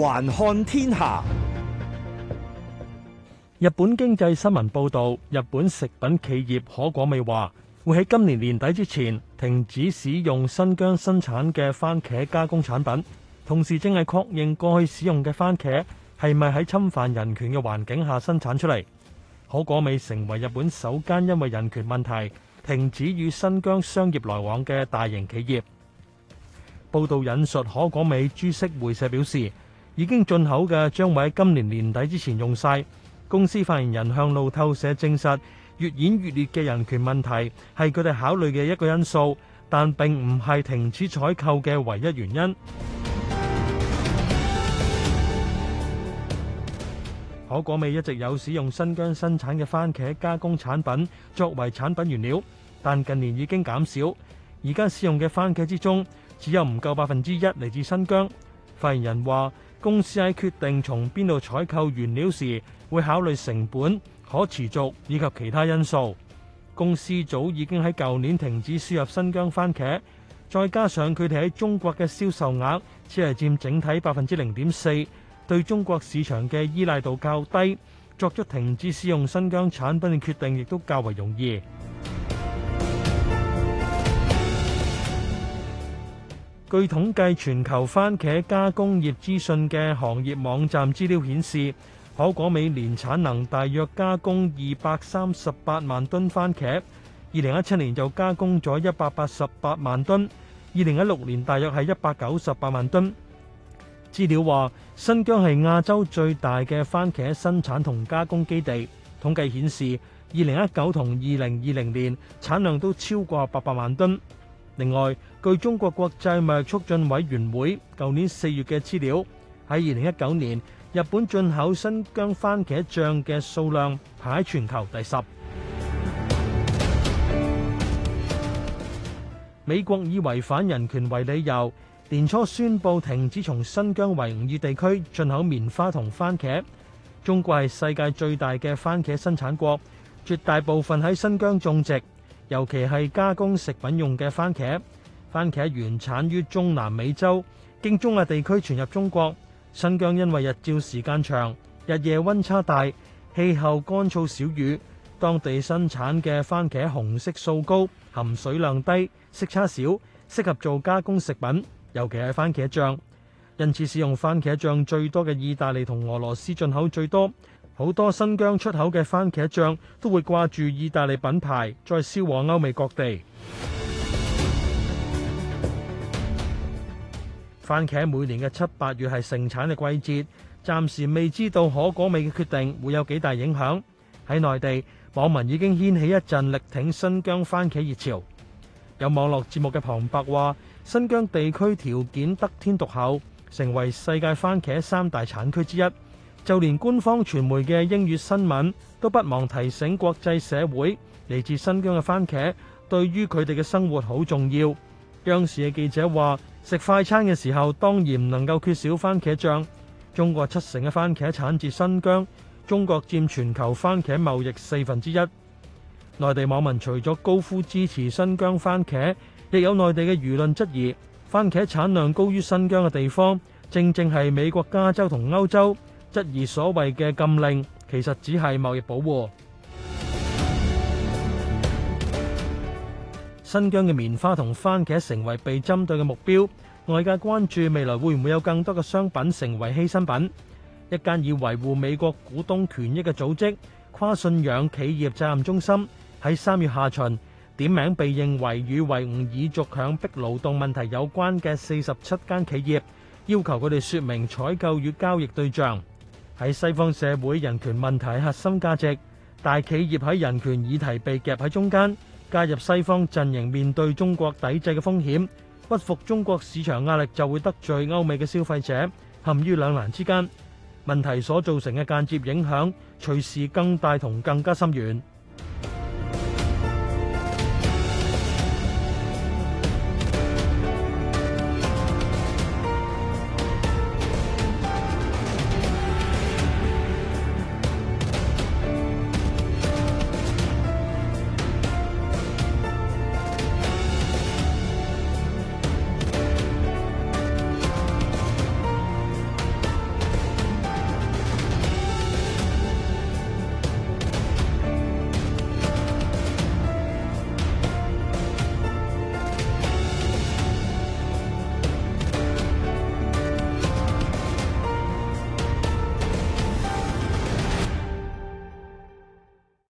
環看天下。日本經濟新聞報道，日本食品企業可果美話會，喺今年年底之前停止使用新疆生產嘅番茄加工產品，同時正係確認過去使用嘅番茄係咪喺侵犯人權嘅環境下生產出嚟。可果美成為日本首間因為人權問題停止與新疆商業來往嘅大型企業。報道引述可果美株式會社表示：已經進口嘅將會喺今年年底之前用晒。公司發言人向路透社證實，越演越烈嘅人權問題係佢哋考慮嘅一個因素，但並唔係停止採購嘅唯一原因。可果美一直有使用新疆生產嘅蕃茄加工產品作為產品原料，但近年已經減少。而家使用嘅蕃茄之中，只有唔夠百分之一嚟自新疆。發言人話：公司喺決定從邊度採購原料時，會考慮成本、可持續以及其他因素。公司早已經喺舊年停止輸入新疆蕃茄，再加上佢哋喺中國嘅銷售額只係佔整體百分之零點四，對中國市場嘅依賴度較低，作出停止使用新疆產品嘅決定，亦都較為容易。據統計，全球番茄加工業資訊嘅行業網站資料顯示，可果美年產能大約加工二百三十八萬噸番茄，二零一七年就加工咗一百八十八萬噸，二零一六年大約係一百九十八萬噸。資料話，新疆係亞洲最大嘅番茄生產同加工基地。統計顯示，二零一九同二零二零年產量都超過八百萬噸。另外，據中國國際貿易促進委員會舊年四月嘅資料，喺二零一九年，日本進口新疆番茄醬嘅數量排喺全球第十。 美國以違反人權為理由，年初宣布停止從新疆維吾爾地區進口棉花同番茄。中國係世界最大嘅番茄生產國，絕大部分喺新疆種植，尤其係加工食品用嘅番茄。番茄原產於中南美洲，經中亞地區傳入中國。新疆因為日照時間長、日夜温差大、氣候乾燥少雨，當地生產嘅番茄紅色素高、含水量低、色差少，適合做加工食品，尤其係番茄醬。因此使用番茄醬最多嘅意大利同俄羅斯進口最多，好多新疆出口嘅番茄醬都會掛住意大利品牌，再銷往歐美各地。番茄每年嘅七八月係盛產嘅季節，暫時未知道可果美嘅決定會有幾大影響。喺內地，網民已經掀起一陣力挺新疆番茄熱潮。有網絡節目嘅旁白話：新疆地區條件得天獨厚，成為世界番茄三大產區之一。就連官方傳媒嘅英語新聞都不忘提醒國際社會，嚟自新疆嘅番茄對於佢哋嘅生活好重要。央視嘅記者話。食快餐嘅時候，當然唔能夠缺少番茄醬。中國七成嘅番茄產自新疆，中國佔全球番茄貿易四分之一。內地網民除咗高呼支持新疆番茄，亦有內地嘅輿論質疑，番茄產量高於新疆嘅地方，正正係美國加州同歐洲。質疑所謂嘅禁令，其實只係貿易保護。新疆嘅棉花同番茄成為被針對嘅目標，外界關注未來會唔會有更多嘅商品成為犧牲品。一間以維護美國股東權益嘅組織——跨信仰企業責任中心，喺三月下旬點名被認為與維吾爾族強迫勞動問題有關嘅四十七間企業，要求佢哋說明採購與交易對象。喺西方社會人權問題核心價值，大企業喺人權議題被夾喺中間，介入西方陣營面對中國抵制嘅風險，不服中國市場壓力就會得罪歐美嘅消費者，陷於兩難之間。問題所造成嘅間接影響，隨時更大同更加深遠。